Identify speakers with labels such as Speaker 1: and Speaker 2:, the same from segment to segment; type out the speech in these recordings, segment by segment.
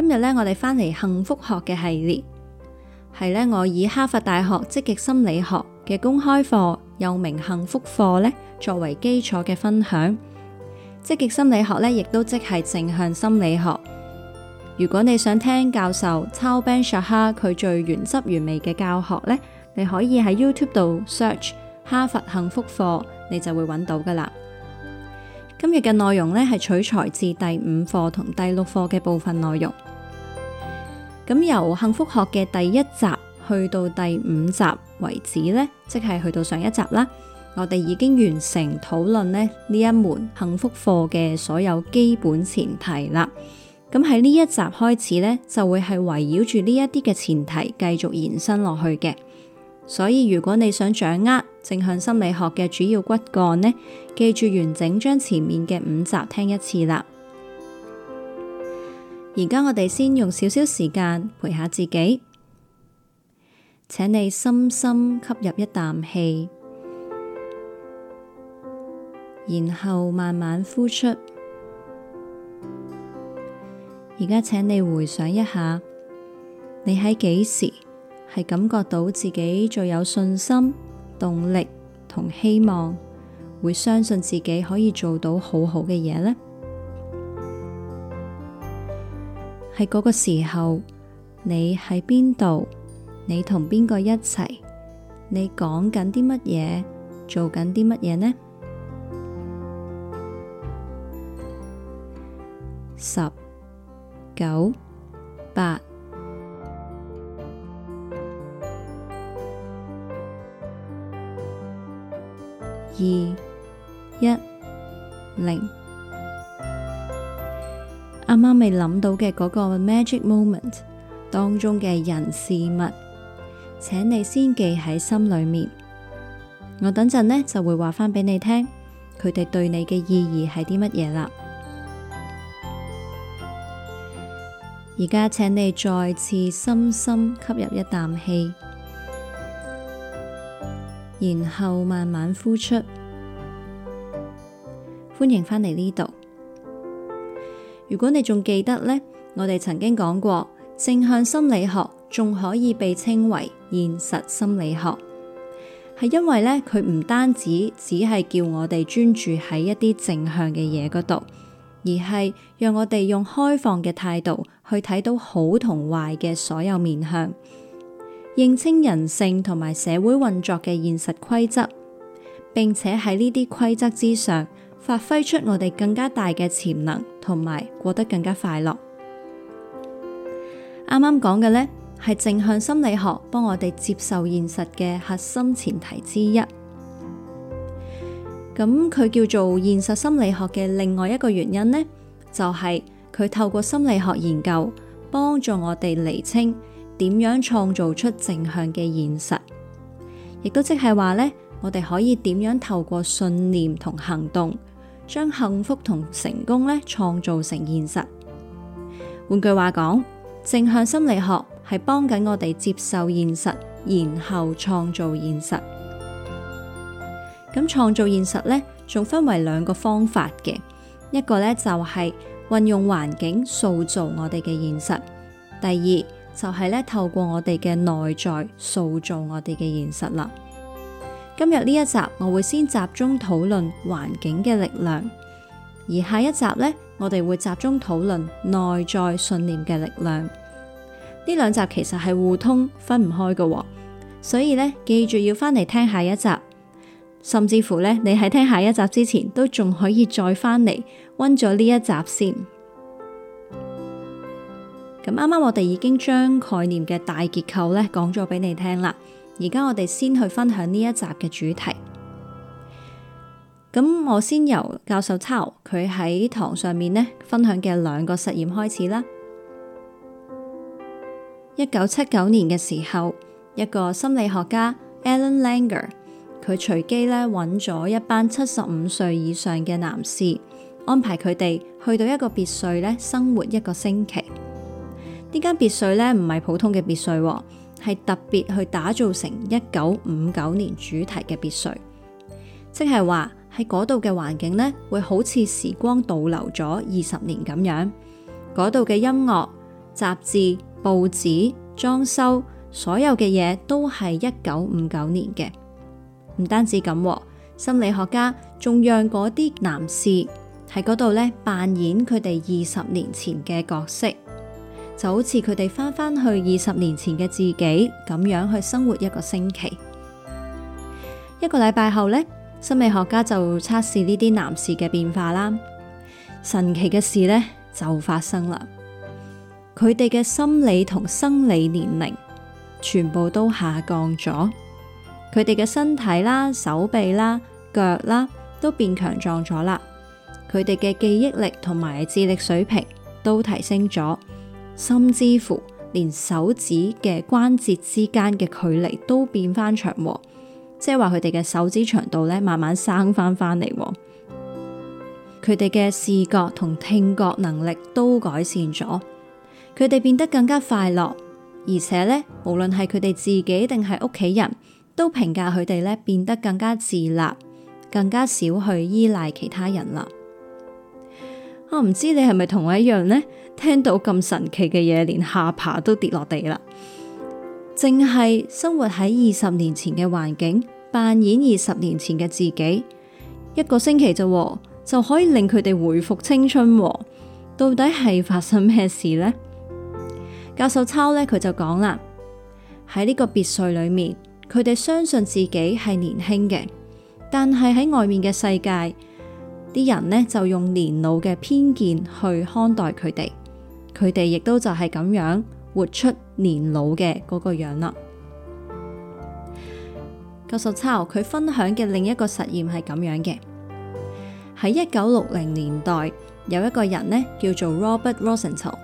Speaker 1: 今日咧，我哋翻嚟幸福學嘅系列，係呢。我以哈佛大學積極心理學嘅公開課，又名幸福課呢作為基礎嘅分享。積極心理學呢，亦都即係正向心理學。如果你想聽教授 Tal Ben-Shahar，佢最原汁原味嘅教學呢，你可以喺 YouTube 度 search 哈佛幸福課，你就會揾到噶啦。今日嘅內容呢，係取材自第五課同第六課嘅部分內容。咁由幸福學嘅第一集去到第五集為止呢，即係去到上一集啦。我哋已經完成討論呢呢一門幸福課嘅所有基本前提啦。咁喺呢一集開始呢，就會係圍繞住呢一啲嘅前提繼續延伸落去嘅。所以如果你想掌握正向心理學嘅主要骨幹呢，記住完整將前面嘅五集聽一次啦。而家我哋先用少少時間陪下自己，請你深深吸入一啖氣，然後慢慢呼出。而家請你回想一下，你喺幾時係感覺到自己最有信心、動力同希望，會相信自己可以做到好好嘅嘢呢？係嗰個時候，你喺邊度？你同邊個一齊？你講緊啲乜嘢？做緊啲乜嘢呢？十九八二一零。啱啱未諗到嘅嗰個 magic moment 當中嘅人事物，請你先記喺心裏面。我等陣呢就會話翻俾你聽，佢哋對你嘅意義係啲乜嘢啦。而家請你再次深深吸入一啖氣，然後慢慢呼出。歡迎返嚟呢度。如果你仲記得呢，我哋曾經講過正向心理學仲可以被稱為現實心理學，係因為呢，佢唔單止只係叫我哋專注喺一啲正向嘅嘢嗰度，而係讓我哋用開放嘅態度去睇到好同壞嘅所有面向，認清人性同埋社會運作嘅現實規則，並且喺呢啲規則之上。發揮出我哋更加大嘅潛能，同埋過得更加快樂。啱啱講嘅呢，係正向心理學幫我哋接受現實嘅核心前提之一。咁佢叫做現實心理學嘅另外一個原因呢，就係佢透過心理學研究，幫助我哋釐清點樣創造出正向嘅現實，亦都即係話呢我哋可以點樣透過信念同行動。將幸福同成功咧創造成現實。換句話講，正向心理學係幫緊我哋接受現實，然後創造現實。咁創造現實咧，仲分為兩個方法嘅，一個咧就係運用環境塑造我哋嘅現實，第二就係咧透過我哋嘅內在塑造我哋嘅現實啦。今日呢一集我會先集中討論環境嘅力量，而下一集呢，我哋會集中討論內在信念嘅力量。呢兩集其實係互通分唔開嘅，所以呢，記住要返嚟聽下一集，甚至乎呢，你喺聽下一集之前都仲可以再返嚟温咗呢一集先。咁啱啱我哋已經將概念嘅大結構呢講咗俾你聽啦。而家我哋先去分享呢一集嘅主題。咁我先由教授抄佢喺堂上面呢分享嘅兩個實驗開始啦。一九七九年嘅時候，一個心理學家 Alan Langer，佢隨機呢揾咗一班七十五歲以上嘅男士，安排佢哋去到一個別墅呢生活一個星期。呢間別墅呢，唔係普通嘅別墅。係特別去打造成一九五九年主題嘅別墅，即係話喺嗰度嘅環境呢會好似時光倒流咗二十年咁樣。嗰度嘅音樂、雜誌、報紙、裝修，所有嘅嘢都係一九五九年嘅。唔單止咁，心理學家仲讓嗰啲男士喺嗰度呢扮演佢哋二十年前嘅角色。就好似佢哋翻返去二十年前嘅自己咁樣去生活一個星期，一個禮拜後呢，心理學家就測試呢啲男士嘅變化啦。神奇嘅事呢，就發生啦，佢哋嘅心理同生理年齡全部都下降咗，佢哋嘅身體啦、手臂啦、腳啦都變強壯咗啦，佢哋嘅記憶力同埋智力水平都提升咗。甚至乎連手指嘅關節之間嘅距離都變翻長，即係話佢哋嘅手指長度咧慢慢生翻翻嚟，佢哋嘅視覺同聽覺能力都改善咗，佢哋變得更加快樂，而且呢，無論係佢哋自己定係屋企人都評價佢哋呢變得更加自立，更加少去依賴其他人啦。我、啊、唔知你係咪同我一樣呢？聽到咁神奇嘅嘢，連下巴都跌落地啦！淨係生活喺二十年前嘅環境，扮演二十年前嘅自己，一個星期啫，就可以令佢哋回復青春。到底係發生咩事呢？教授抄呢，佢就講啦，喺呢個別墅裏面，佢哋相信自己係年輕嘅，但係喺外面嘅世界，啲人呢就用年老嘅偏見去看待佢哋。佢哋亦都就係咁樣活出年老嘅嗰個樣啦。教授抄佢分享嘅另一個實驗係咁樣嘅，喺一九六零年代有一個人呢，叫做 Robert Rosenthal，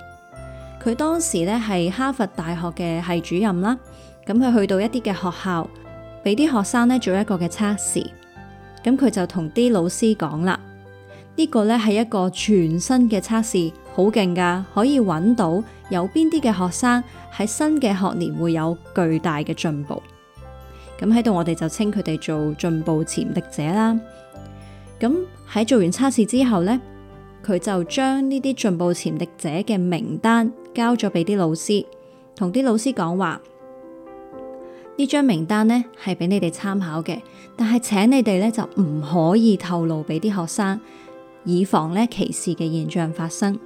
Speaker 1: 佢當時呢係哈佛大學嘅系主任啦。咁佢去到一啲嘅學校，俾啲學生呢做一個嘅測試。咁佢就同啲老師講啦，呢個呢係一個全新嘅測試。好勁噶，可以揾到有邊啲嘅學生喺新嘅學年會有巨大嘅進步。咁喺度，我哋就稱佢哋做進步潛力者啦。咁喺做完測試之後呢，佢就將呢啲進步潛力者嘅名單交咗俾啲老師，同啲老師講話。呢張名單呢係俾你哋參考嘅，但係請你哋呢就唔可以透露俾啲學生，以防呢歧視嘅現象發生。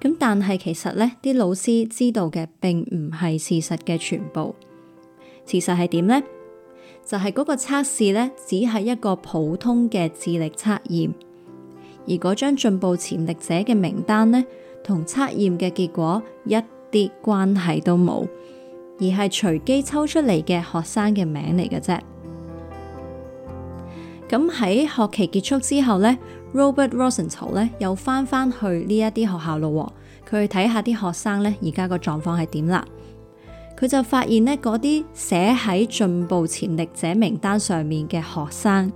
Speaker 1: 咁但係其實呢啲老師知道嘅並唔係事實嘅全部。事實係點呢？就係嗰個測試呢，只係一個普通嘅智力測驗，而嗰張進步潛力者嘅名單呢，同測驗嘅結果一啲關係都冇，而係隨機抽出嚟嘅學生嘅名嚟嘅啫。咁喺學期結束之後呢，Robert Rosenthal 咧，又翻返去呢一啲學校咯，佢去睇下啲學生呢，而家個狀況係點啦。佢就發現呢，嗰啲寫喺進步潛力者名單上面嘅學生，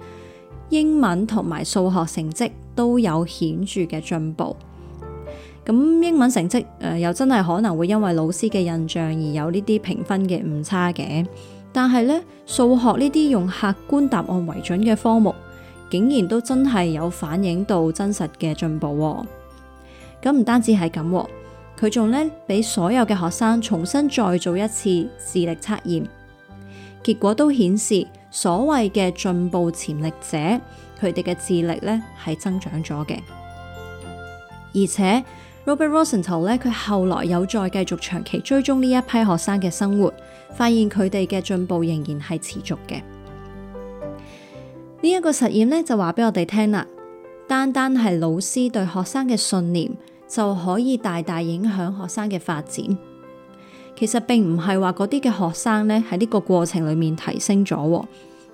Speaker 1: 英文同埋數學成績都有顯著嘅進步。咁英文成績誒、呃、又真係可能會因為老師嘅印象而有呢啲評分嘅誤差嘅。但係咧，數學呢啲用客觀答案為準嘅科目，竟然都真係有反映到真實嘅進步喎。咁唔單止係咁喎，佢仲呢俾所有嘅學生重新再做一次智力測驗，結果都顯示所謂嘅進步潛力者，佢哋嘅智力呢係增長咗嘅，而且。Robert Rosenthal 咧，佢後來有再繼續長期追蹤呢一批學生嘅生活，發現佢哋嘅進步仍然係持續嘅。呢一個實驗咧就話俾我哋聽啦，單單係老師對學生嘅信念就可以大大影響學生嘅發展。其實並唔係話嗰啲嘅學生呢喺呢個過程裏面提升咗，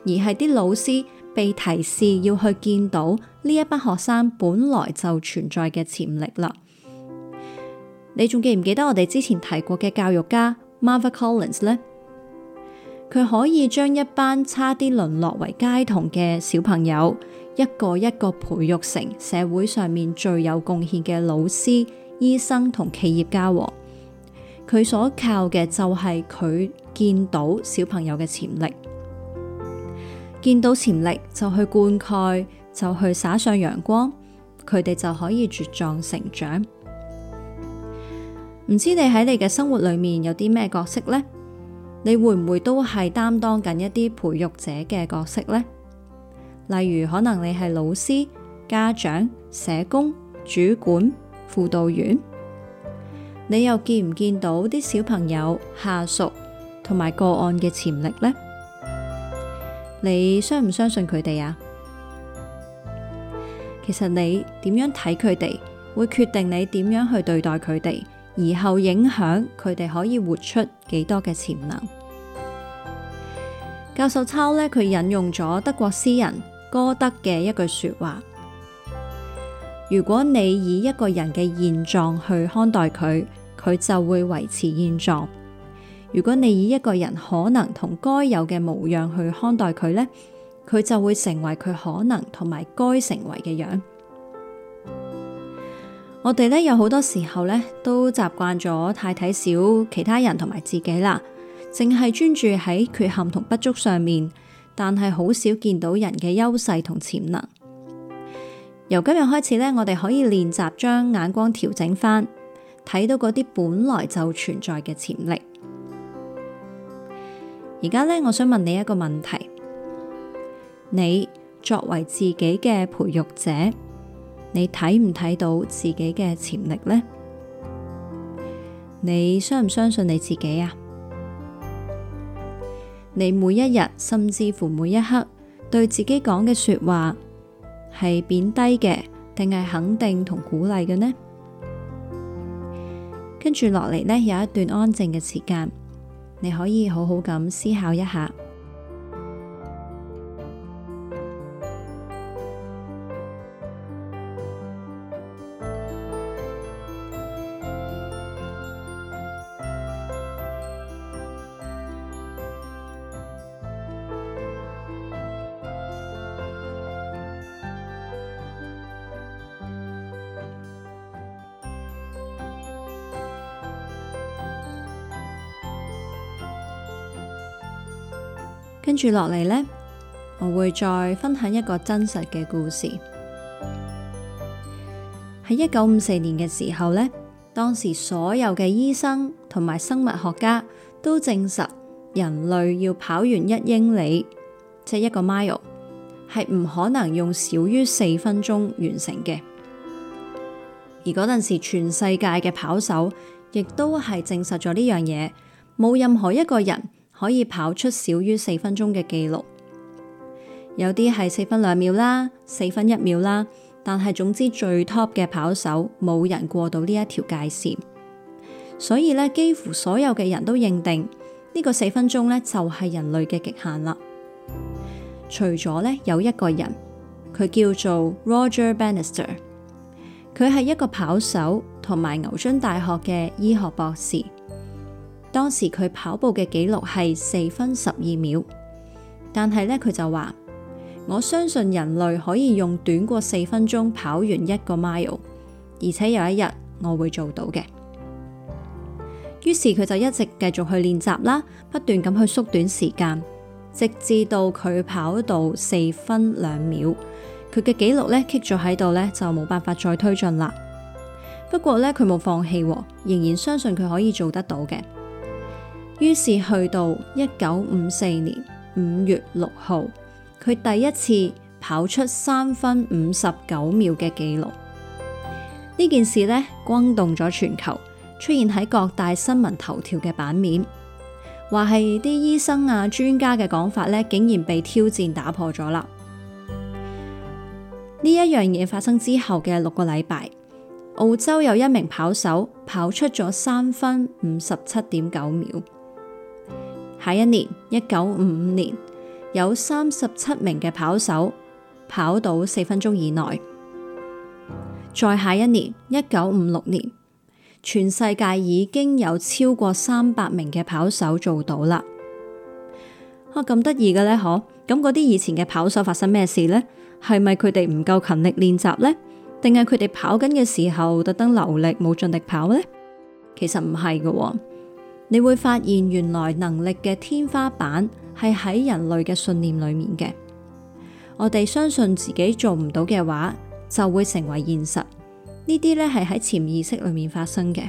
Speaker 1: 而係啲老師被提示要去見到呢一班學生本來就存在嘅潛力啦。你仲記唔記得我哋之前提過嘅教育家 Marva Collins 呢？佢可以將一班差啲淪落為街童嘅小朋友，一個一個培育成社會上面最有貢獻嘅老師、醫生同企業家。喎，佢所靠嘅就係佢見到小朋友嘅潛力，見到潛力就去灌溉，就去灑上陽光，佢哋就可以茁壯成長。唔知你喺你嘅生活裏面有啲咩角色呢？你會唔會都係擔當緊一啲培育者嘅角色呢？例如可能你係老師、家長、社工、主管、輔導員，你又見唔見到啲小朋友、下屬同埋個案嘅潛力呢？你相唔相信佢哋啊？其實你點樣睇佢哋，會決定你點樣去對待佢哋。而後影響佢哋可以活出幾多嘅潛能。教授抄呢，佢引用咗德國詩人歌德嘅一句說話：如果你以一個人嘅現狀去看待佢，佢就會維持現狀；如果你以一個人可能同該有嘅模樣去看待佢呢，佢就會成為佢可能同埋該成為嘅樣。我哋咧有好多時候咧都習慣咗太睇小其他人同埋自己啦，淨係專注喺缺陷同不足上面，但係好少見到人嘅優勢同潛能。由今日開始咧，我哋可以練習將眼光調整翻，睇到嗰啲本來就存在嘅潛力。而家咧，我想問你一個問題：你作為自己嘅培育者，你睇唔睇到自己嘅潛力呢？你相唔相信你自己啊？你每一日甚至乎每一刻對自己講嘅說話係貶低嘅，定係肯定同鼓勵嘅呢？跟住落嚟呢，有一段安靜嘅時間，你可以好好咁思考一下。接住落嚟呢，我會再分享一個真實嘅故事。喺一九五四年嘅時候呢，當時所有嘅醫生同埋生物學家都證實人類要跑完一英里，即係一個 mile，係唔可能用少於四分鐘完成嘅。而嗰陣時全世界嘅跑手亦都係證實咗呢樣嘢，冇任何一個人。可以跑出少於四分鐘嘅記錄，有啲係四分兩秒啦，四分一秒啦，但係總之最 top 嘅跑手冇人過到呢一條界線，所以咧幾乎所有嘅人都認定呢個四分鐘咧就係人類嘅極限啦。除咗咧有一個人，佢叫做 Roger Bannister，佢係一個跑手同埋牛津大學嘅醫學博士。當時佢跑步嘅紀錄係四分十二秒，但係咧佢就話，我相信人類可以用短過四分鐘跑完一個 mile，而且有一日我會做到嘅。於是佢就一直繼續去練習啦，不斷咁去縮短時間，直至到佢跑到四分兩秒，佢嘅紀錄咧 keep 咗喺度咧，就冇辦法再推進啦。不過咧佢冇放棄，仍然相信佢可以做得到嘅。於是去到一九五四年五月六號，佢第一次跑出三分五十九秒嘅記錄。呢件事呢，轟動咗全球，出現喺各大新聞頭條嘅版面，話係啲醫生啊專家嘅講法呢，竟然被挑戰打破咗啦。呢一樣嘢發生之後嘅六個禮拜，澳洲有一名跑手跑出咗三分五十七點九秒。下一年，一九五五年，有三十七名嘅跑手跑到四分鐘以內。再下一年，一九五六年，全世界已經有超過三百名嘅跑手做到啦。啊，咁得意嘅咧，嗬？咁嗰啲以前嘅跑手發生咩事呢？係咪佢哋唔夠勤力練習呢？定係佢哋跑緊嘅時候特登留力冇盡力跑呢？其實唔係嘅。你會發現，原來能力嘅天花板係喺人類嘅信念裏面嘅。我哋相信自己做唔到嘅話，就會成為現實。呢啲咧係喺潛意識裏面發生嘅。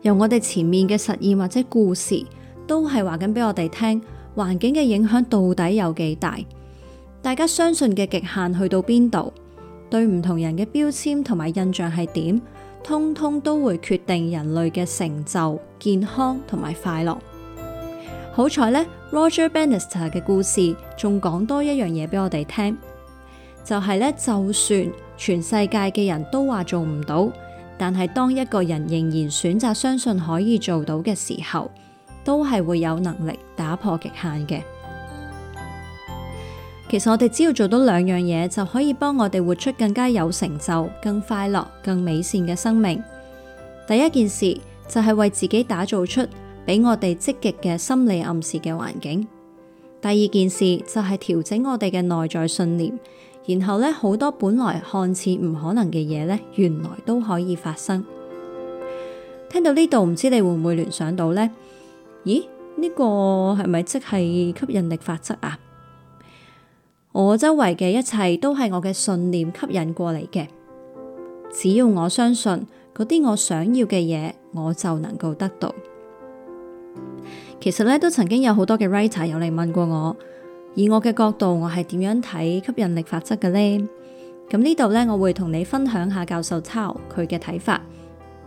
Speaker 1: 由我哋前面嘅實驗或者故事，都係話緊俾我哋聽，環境嘅影響到底有幾大？大家相信嘅極限去到邊度？對唔同人嘅標籤同埋印象係點？通通都會決定人類嘅成就、健康同埋快樂。好彩咧，Roger Bannister 嘅故事仲講多一樣嘢俾我哋聽，就係咧，就算全世界嘅人都話做唔到，但係當一個人仍然選擇相信可以做到嘅時候，都係會有能力打破極限嘅。其實我哋只要做到兩樣嘢，就可以幫我哋活出更加有成就、更快樂、更美善嘅生命。第一件事就係、是、為自己打造出俾我哋積極嘅心理暗示嘅環境。第二件事就係、是、調整我哋嘅內在信念，然後呢，好多本來看似唔可能嘅嘢呢，原來都可以發生。聽到呢度唔知你會唔會聯想到呢？咦，呢、呢個係咪即係吸引力法則啊？我周圍嘅一切都係我嘅信念吸引過嚟嘅，只要我相信嗰啲我想要嘅嘢，我就能夠得到。其實咧都曾經有好多嘅 writer 有嚟問過我，以我嘅角度，我係點樣睇吸引力法則嘅呢？咁呢度咧，我會同你分享下教授抄佢嘅睇法，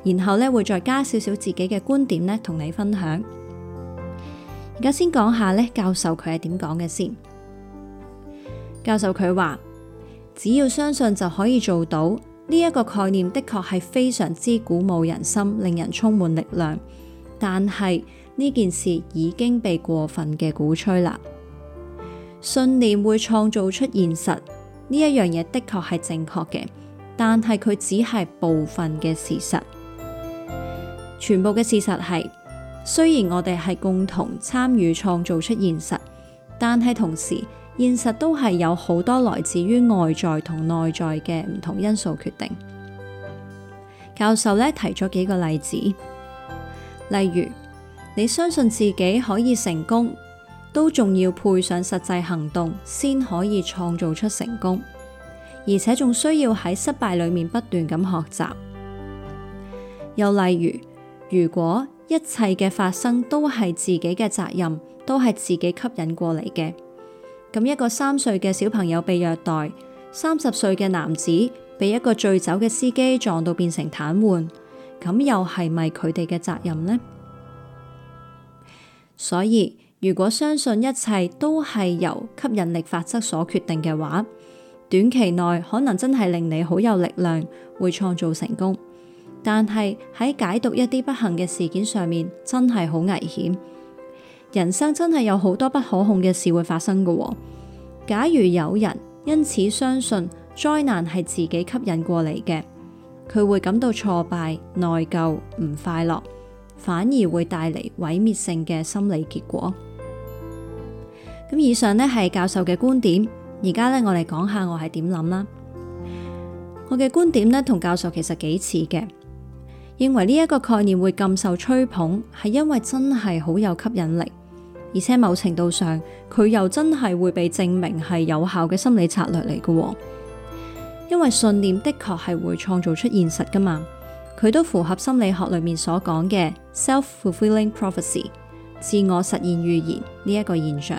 Speaker 1: 然後咧會再加少少自己嘅觀點咧同你分享。而家先講下咧，教授佢係點講嘅先。教授佢話：只要相信就可以做到呢一個概念，的確係非常之鼓舞人心，令人充滿力量。但係呢件事已經被過分嘅鼓吹啦。信念會創造出現實呢一樣嘢，的確係正確嘅，但係佢只係部分嘅事實。全部嘅事實係，雖然我哋係共同參與創造出現實，但係同時。現實都係有好多來自於外在同內在嘅唔同因素決定。教授咧提咗幾個例子，例如你相信自己可以成功，都仲要配上實際行動先可以創造出成功，而且仲需要喺失敗裏面不斷咁學習。又例如，如果一切嘅發生都係自己嘅責任，都係自己吸引過嚟嘅。咁一個三歲嘅小朋友被虐待，三十歲嘅男子被一個醉酒嘅司機撞到變成癱瘓，咁又係咪佢哋嘅責任呢？所以，如果相信一切都係由吸引力法則所決定嘅話，短期內可能真係令你好有力量，會創造成功，但係喺解讀一啲不幸嘅事件上面，真係好危險。人生真係有好多不可控嘅事會發生嘅哦。假如有人因此相信災難係自己吸引過嚟嘅，佢會感到挫敗、內疚、唔快樂，反而會帶嚟毀滅性嘅心理結果。咁以上呢係教授嘅觀點，而家呢，我嚟講下我係點諗啦。我嘅觀點呢，同教授其實幾似嘅，認為呢一個概念會咁受吹捧，係因為真係好有吸引力。而且某程度上，佢又真係會被證明係有效嘅心理策略嚟嘅，因為信念的確係會創造出現實噶嘛。佢都符合心理學裏面所講嘅 self-fulfilling prophecy，自我實現預言呢一個現象。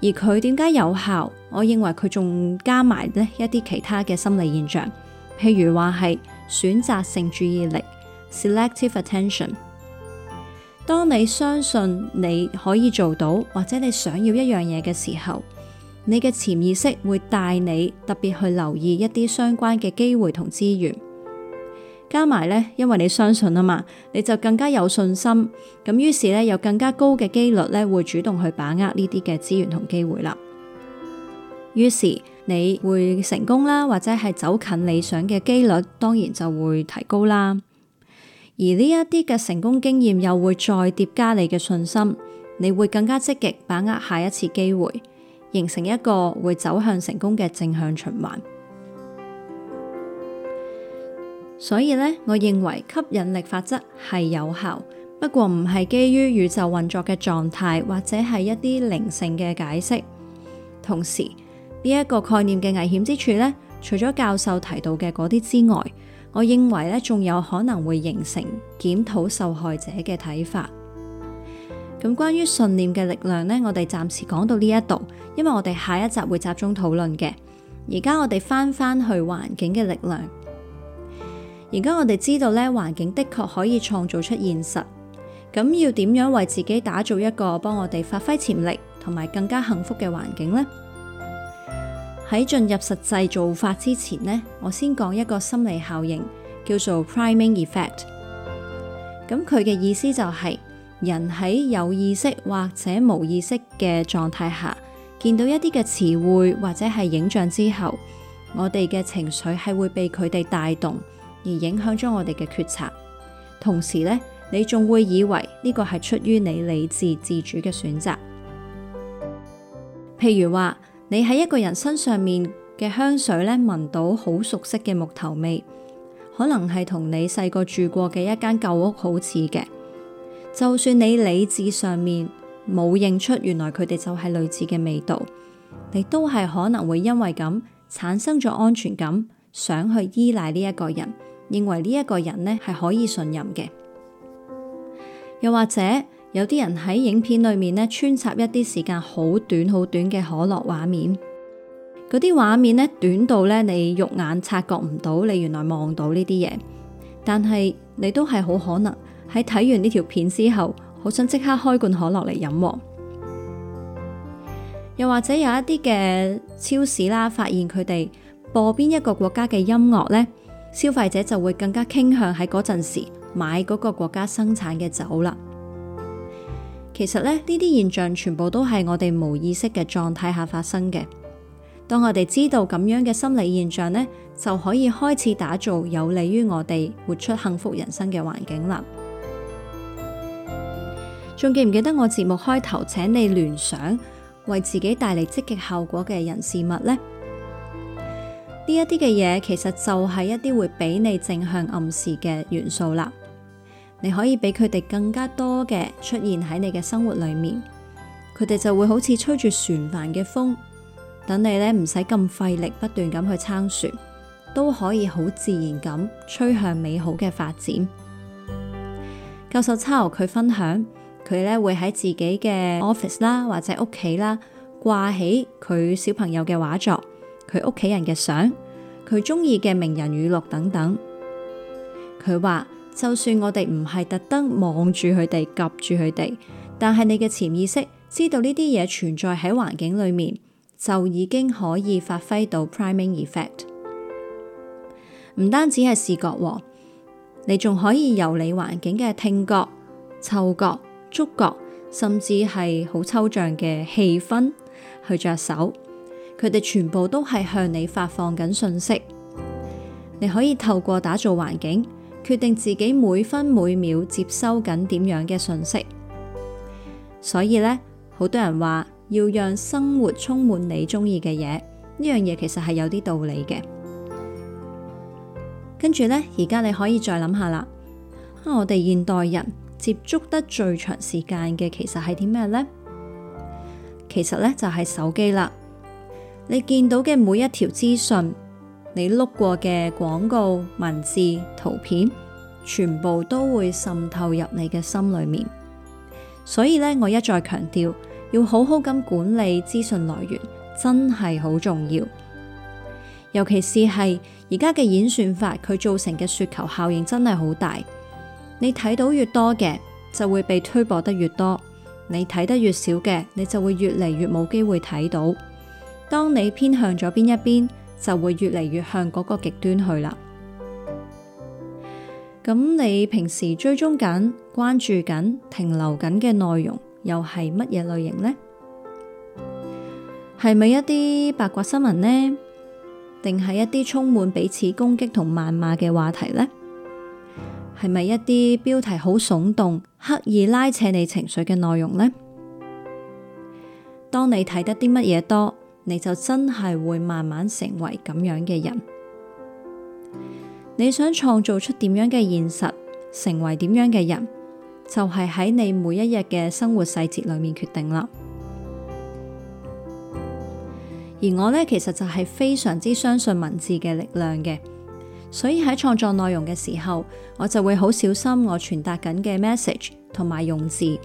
Speaker 1: 而佢點解有效？我認為佢仲加埋呢一啲其他嘅心理現象，譬如話係選擇性注意力 （selective attention）。當你相信你可以做到，或者你想要一樣嘢嘅時候，你嘅潛意識會帶你特別去留意一啲相關嘅機會同資源。加埋呢，因為你相信啊嘛，你就更加有信心。咁於是呢，有更加高嘅幾率呢，會主動去把握呢啲嘅資源同機會啦。於是你會成功啦，或者係走近理想嘅幾率，當然就會提高啦。而呢一啲嘅成功經驗又會再疊加你嘅信心，你會更加積極把握下一次機會，形成一個會走向成功嘅正向循環。所以呢，我認為吸引力法則係有效，不過唔係基於宇宙運作嘅狀態，或者係一啲靈性嘅解釋。同時，呢一個概念嘅危險之處呢，除咗教授提到嘅嗰啲之外。我認為咧，仲有可能會形成檢討受害者嘅睇法。咁關於信念嘅力量呢，我哋暫時講到呢一度，因為我哋下一集會集中討論嘅。而家我哋翻翻去環境嘅力量。而家我哋知道咧，環境的確可以創造出現實。咁要點樣為自己打造一個幫我哋發揮潛力同埋更加幸福嘅環境呢？喺進入實際做法之前呢，我先講一個心理效應，叫做 priming effect。咁佢嘅意思就係、是、人喺有意識或者冇意識嘅狀態下，見到一啲嘅詞彙或者係影像之後，我哋嘅情緒係會被佢哋帶動，而影響咗我哋嘅決策。同時呢，你仲會以為呢個係出於你理智自主嘅選擇。譬如話，你喺一個人身上面嘅香水咧，聞到好熟悉嘅木頭味，可能係同你細個住過嘅一間舊屋好似嘅。就算你理智上面冇認出，原來佢哋就係類似嘅味道，你都係可能會因為咁產生咗安全感，想去依賴呢一個人，認為呢一個人呢係可以信任嘅。又或者。有啲人喺影片裏面呢穿插一啲時間好短、好短嘅可樂畫面，嗰啲畫面呢短到呢，你肉眼察覺唔到，你原來望到呢啲嘢，但係你都係好可能喺睇完呢條片之後，好想即刻開罐可樂嚟飲喎。又或者有一啲嘅超市啦，發現佢哋播邊一個國家嘅音樂呢，消費者就會更加傾向喺嗰陣時買嗰個國家生產嘅酒啦。其實呢，呢啲現象全部都係我哋冇意識嘅狀態下發生嘅。當我哋知道咁樣嘅心理現象呢，就可以開始打造有利於我哋活出幸福人生嘅環境啦。仲記唔記得我節目開頭請你聯想，為自己帶嚟積極效果嘅人事物呢？呢一啲嘅嘢其實就係一啲會俾你正向暗示嘅元素啦。你可以俾佢哋更加多嘅出現喺你嘅生活裏面，佢哋就會好似吹住船帆嘅風，等你咧唔使咁費力不斷咁去撐船，都可以好自然咁吹向美好嘅發展。 教授參考佢分享，佢咧會喺自己嘅 office 啦或者屋企啦掛起佢小朋友嘅畫作、佢屋企人嘅相、佢中意嘅名人語錄等等。佢話。就算我哋唔係特登望住佢哋，夾住佢哋，但係你嘅潛意識知道呢啲嘢存在喺環境裏面，就已經可以發揮到 priming effect。唔單止係視覺喎，你仲可以由你環境嘅聽覺、嗅覺、觸覺，甚至係好抽象嘅氣氛去着手，佢哋全部都係向你發放緊訊息。你可以透過打造環境。決定自己每分每秒接收緊點樣嘅信息，所以呢，好多人話要讓生活充滿你中意嘅嘢，呢樣嘢其實係有啲道理嘅。跟住呢，而家你可以再諗下啦。我哋現代人接觸得最長時間嘅，其實係啲咩呢？其實呢，就係手機啦。你見到嘅每一條資訊。你碌過嘅廣告、文字、圖片，全部都會滲透入你嘅心裏面。所以咧，我一再強調要好好咁管理資訊來源，真係好重要。尤其是係而家嘅演算法，佢造成嘅雪球效應真係好大。你睇到越多嘅，就會被推播得越多；你睇得越少嘅，你就會越嚟越冇機會睇到。當你偏向咗邊一邊，就會越嚟越向嗰個極端去啦。咁你平時追蹤緊、關注緊、停留緊嘅內容，又係乜嘢類型呢？係咪一啲八卦新聞呢？定係一啲充滿彼此攻擊同謾罵嘅話題呢？係咪一啲標題好聳動、刻意拉扯你情緒嘅內容呢？當你睇得啲乜嘢多，你就真係會慢慢成為咁樣嘅人。你想創造出點樣嘅現實，成為點樣嘅人，就係喺你每一日嘅生活細節裏面決定啦。而我呢，其實就係非常之相信文字嘅力量嘅，所以喺創作內容嘅時候，我就會好小心我傳達緊嘅 message 同埋用字。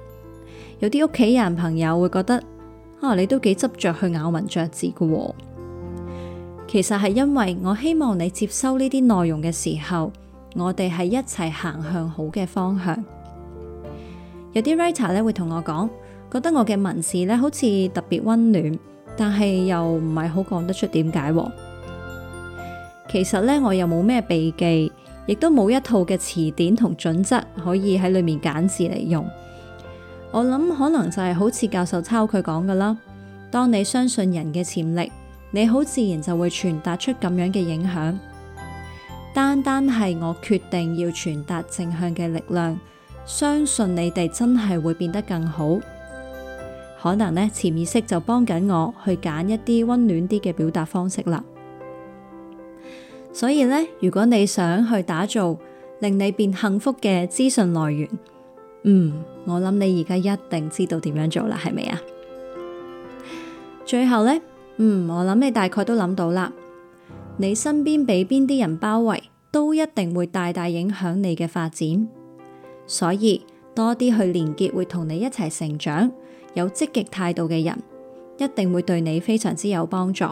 Speaker 1: 有啲屋企人朋友會覺得。.啊、你都幾執着去咬文嚼字嘅。啊，其實係因為我希望你接收呢啲內容嘅時候，我哋係一齊行向好嘅方向。有啲 writer 咧會同我講，覺得我嘅文字呢好似特別溫暖，但係又唔係好講得出點解。其實呢，我又冇咩秘技，亦都冇一套嘅詞典同準則可以喺裏面揀字嚟用。我諗可能就係好似教授抄佢講㗎啦。當你相信人嘅潛力，你好自然就會傳達出咁樣嘅影響。單單係我決定要傳達正向嘅力量，相信你哋真係會變得更好。可能呢潛意識就幫緊我去揀一啲溫暖啲嘅表達方式啦。所以呢，如果你想去打造令你變幸福嘅資訊來源。嗯，我諗你而家一定知道點樣做啦，係咪啊？最後呢，嗯，我諗你大概都諗到啦。你身邊俾邊啲人包圍，都一定會大大影響你嘅發展。所以多啲去連結會同你一齊成長，有積極態度嘅人，一定會對你非常之有幫助。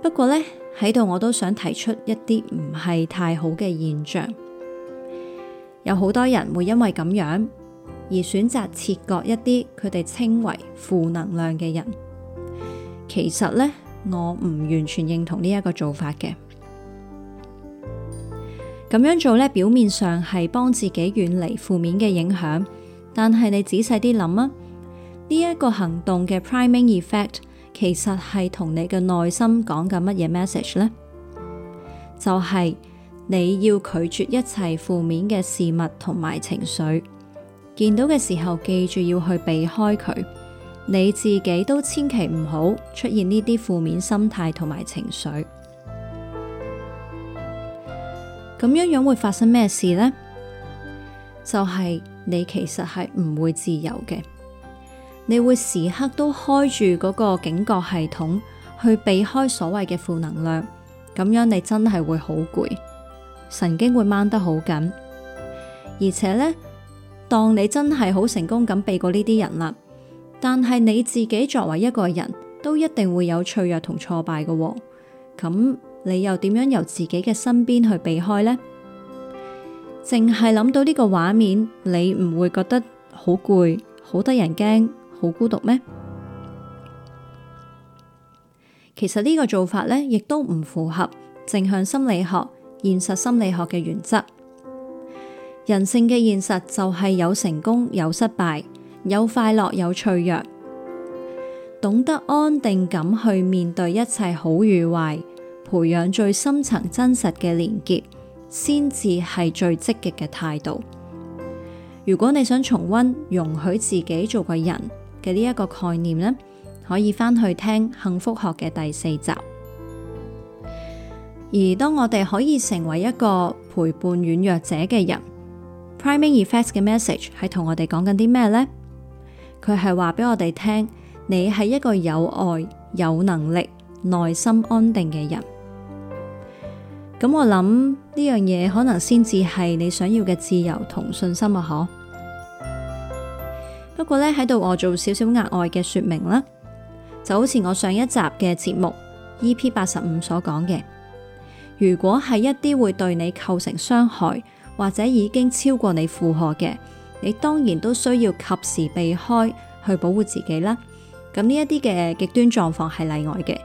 Speaker 1: 不過呢，喺度我都想提出一啲唔係太好嘅現象。有好多人會因為咁樣而選擇切割一啲佢哋稱為負能量嘅人。其實呢，我唔完全認同呢一個做法嘅。咁樣做呢，表面上係幫自己遠離負面嘅影響，但係你仔細啲諗啊，呢一個行動嘅 priming effect 其實係同你嘅內心講緊乜嘢 message 呢？就係。你要拒絕一切負面嘅事物同埋情緒，見到嘅時候記住要去避開佢。你自己都千祈唔好出現呢啲負面心態同埋情緒，咁樣樣會發生咩事呢？就係你其實係唔會自由嘅，你會時刻都開住嗰個警覺系統去避開所謂嘅負能量，咁樣你真係會好攰。神經會掹得好緊，而且呢，當你真係好成功咁避過呢啲人啦，但係你自己作為一個人都一定會有脆弱同挫敗嘅、哦、咁、嗯、你又點樣由自己嘅身邊去避開呢？淨係諗到呢個畫面，你唔會覺得好攰、好得人驚、好孤獨咩？其實呢個做法呢，亦都唔符合正向心理學。現實心理學嘅原則，人性嘅現實就係有成功有失敗，有快樂有脆弱，懂得安定感去面對一切好與壞，培養最深層真實嘅連結，先至係最積極嘅態度。如果你想重溫容許自己做個人嘅呢一個概念呢，可以翻去聽幸福學嘅第四集。而當我哋可以成為一個陪伴軟弱者嘅人，priming effect 嘅 message 係同我哋講緊啲咩呢？佢係話俾我哋聽，你係一個有愛、有能力、內心安定嘅人。咁我諗呢樣嘢可能先至係你想要嘅自由同信心啊。嗬。不過呢，喺度，我做少少額外嘅說明啦，就好似我上一集嘅節目 E.P. 八十五所講嘅。如果係一啲會對你構成傷害，或者已經超過你負荷嘅，你當然都需要及時避開去保護自己啦。咁呢一啲嘅極端狀況係例外嘅，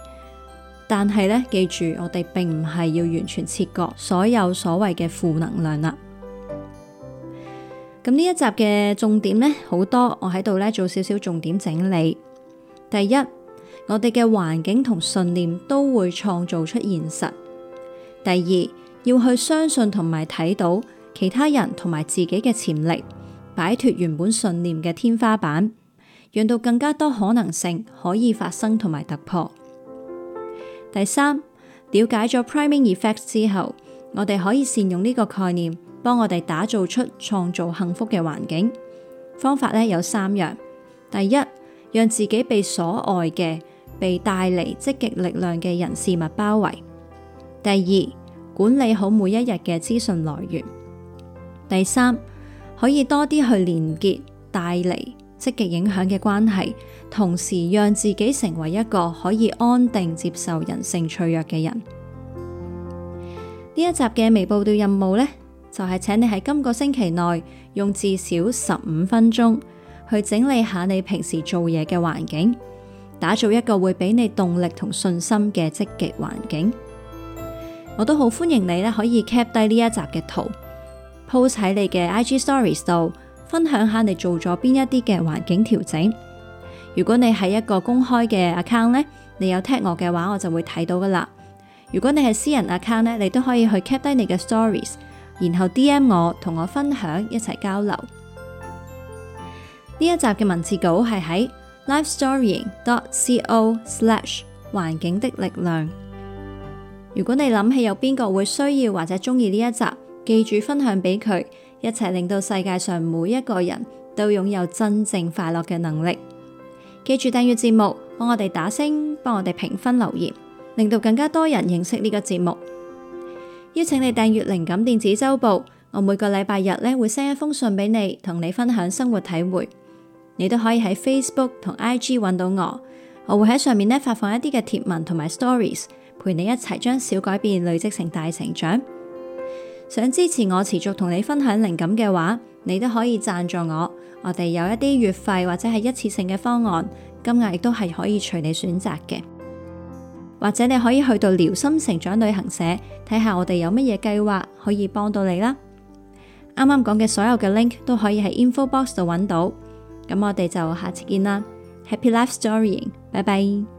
Speaker 1: 但係呢，記住我哋並唔係要完全切割所有所謂嘅負能量啦。咁呢一集嘅重點呢，好多，我喺度呢做少少重點整理。第一，我哋嘅環境同信念都會創造出現實。第二，要去相信同埋睇到其他人同埋自己嘅潛力，擺脫原本信念嘅天花板，讓到更加多可能性可以發生同埋突破。第三，了解咗 priming effect 之後，我哋可以善用呢個概念，幫我哋打造出創造幸福嘅環境。方法咧有三樣：第一，讓自己被所愛嘅、被帶嚟積極力量嘅人事物包圍。第二，管理好每一日嘅資訊來源。第三，可以多啲去連結帶嚟積極影響嘅關係，同時讓自己成為一個可以安定接受人性脆弱嘅人。呢一集嘅微報到任務呢，就係請你喺今個星期內用至少十五分鐘去整理下你平時做嘢嘅環境，打造一個會俾你動力同信心嘅積極環境。我都好歡迎你咧，可以 cap 低呢一集嘅圖 post 喺你嘅 IG Stories 度分享下你做咗邊一啲嘅環境調整。如果你係一個公開嘅 account 咧，你有踢我嘅話，我就會睇到噶啦如果你係私人 account 咧，你都可以去 cap 低你嘅 Stories，然後 DM 我同我分享一齊交流。呢一集嘅文字稿係喺 LifeStorying.co/ 環境的力量。如果你諗起有邊個會需要或者中意呢一集，記住分享俾佢，一齊令到世界上每一個人都擁有真正快樂嘅能力。記住訂閱節目，幫我哋打星，幫我哋評分留言，令到更加多人認識呢個節目。邀請你訂閱靈感電子周報，我每個禮拜日咧會 send 一封信俾你，同你分享生活體會。你都可以喺 Facebook 同 IG 搵到我，我會喺上面咧發放一啲嘅貼文同埋 Stories。陪你一齊將小改變累積成大成長，想支持我持續同你分享靈感嘅話，你都可以贊助我。我哋有一啲月費或者係一次性嘅方案，金額亦都係可以隨你選擇嘅。或者你可以去到療心成長旅行社睇下，看看我哋有乜嘢計劃可以幫到你啦。啱啱講嘅所有嘅 link 都可以喺 info box 度揾到。咁我哋就下次見啦，Happy Life Story，拜拜。